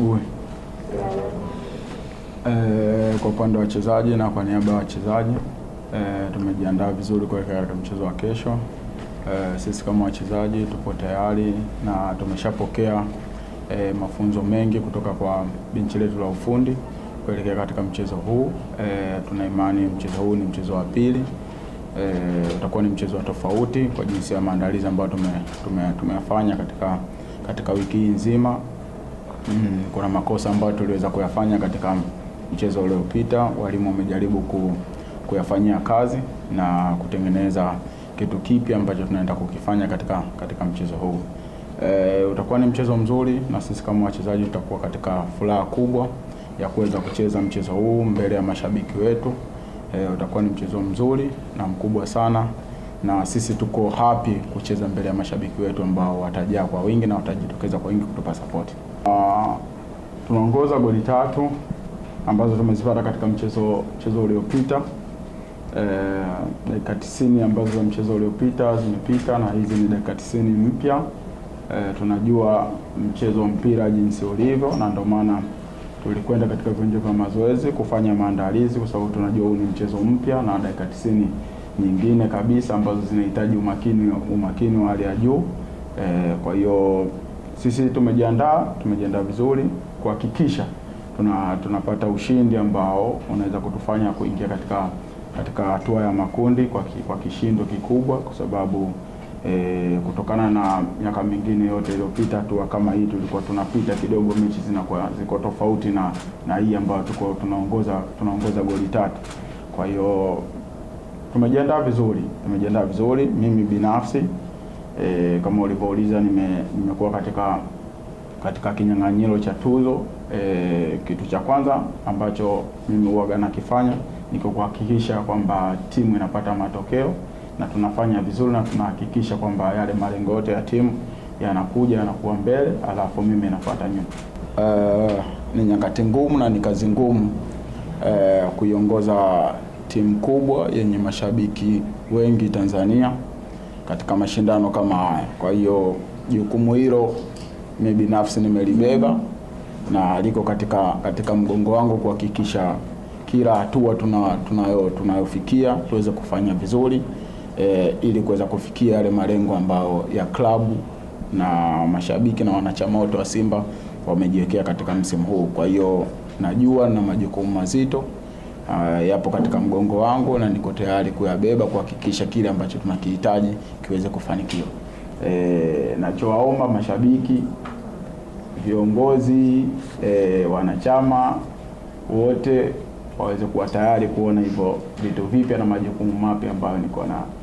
asubuhi e, kwa upande wa wachezaji na kwa niaba ya wachezaji e, tumejiandaa vizuri kuelekea katika mchezo wa kesho. E, sisi kama wachezaji tupo tayari na tumeshapokea e, mafunzo mengi kutoka kwa benchi letu la ufundi kuelekea katika mchezo huu e, tuna imani mchezo huu ni mchezo wa pili e, utakuwa ni mchezo wa tofauti kwa jinsi ya maandalizi ambayo tumeyafanya tume, tume katika, katika wiki hii nzima. Mm, kuna makosa ambayo tuliweza kuyafanya katika mchezo uliopita, walimu wamejaribu ku, kuyafanyia kazi na kutengeneza kitu kipya ambacho tunaenda kukifanya katika, katika mchezo huu. E, utakuwa ni mchezo mzuri na sisi kama wachezaji tutakuwa katika furaha kubwa ya kuweza kucheza mchezo huu mbele ya mashabiki wetu. E, utakuwa ni mchezo mzuri na mkubwa sana na sisi tuko happy kucheza mbele ya mashabiki wetu ambao watajaa kwa wingi na watajitokeza kwa wingi kutupa sapoti. Uh, ah, tunaongoza goli tatu ambazo tumezipata katika mchezo mchezo uliopita eh, dakika e, tisini ambazo za mchezo uliopita zimepita na hizi ni dakika tisini mpya. E, tunajua mchezo wa mpira jinsi ulivyo, na ndio maana tulikwenda katika viwanja vya mazoezi kufanya maandalizi, kwa sababu tunajua huu ni mchezo mpya na dakika tisini nyingine kabisa ambazo zinahitaji umakini umakini wa hali ya juu e, kwa hiyo sisi tumejiandaa tumejiandaa vizuri kuhakikisha tuna, tunapata ushindi ambao unaweza kutufanya kuingia katika katika hatua ya makundi kwa, ki, kwa kishindo kikubwa kwa sababu e, kutokana na miaka mingine yote iliyopita hatua kama hii tulikuwa tunapita kidogo, mechi zinakuwa ziko tofauti na na hii ambayo tuko tunaongoza tunaongoza goli tatu. Kwa hiyo Tumejiandaa vizuri, tumejiandaa vizuri. Mimi binafsi e, kama ulivyouliza, nimekuwa nime katika katika kinyang'anyiro cha tuzo e, kitu cha kwanza ambacho mimi huwaga nakifanya ni kuhakikisha kwamba timu inapata matokeo na tunafanya vizuri na tunahakikisha kwamba yale malengo yote ya timu yanakuja yanakuwa mbele, alafu mimi nafuata nyuma. Uh, ni nyakati ngumu na ni kazi ngumu uh, kuiongoza timu kubwa yenye mashabiki wengi Tanzania katika mashindano kama haya. Kwa hiyo jukumu hilo mimi binafsi nimelibeba na liko katika, katika mgongo wangu kuhakikisha kila hatua tunayofikia tunayo tuweze kufanya vizuri e, ili kuweza kufikia yale malengo ambayo ya klabu na mashabiki na wanachama wote wa Simba wamejiwekea katika msimu huu. Kwa hiyo najua na majukumu mazito uh, yapo katika mgongo wangu na niko tayari kuyabeba kuhakikisha kile ambacho tunakihitaji kiweze kufanikiwa. E, nachowaomba mashabiki, viongozi e, wanachama wote waweze kuwa tayari kuona hivyo vitu vipya na majukumu mapya ambayo niko nayo.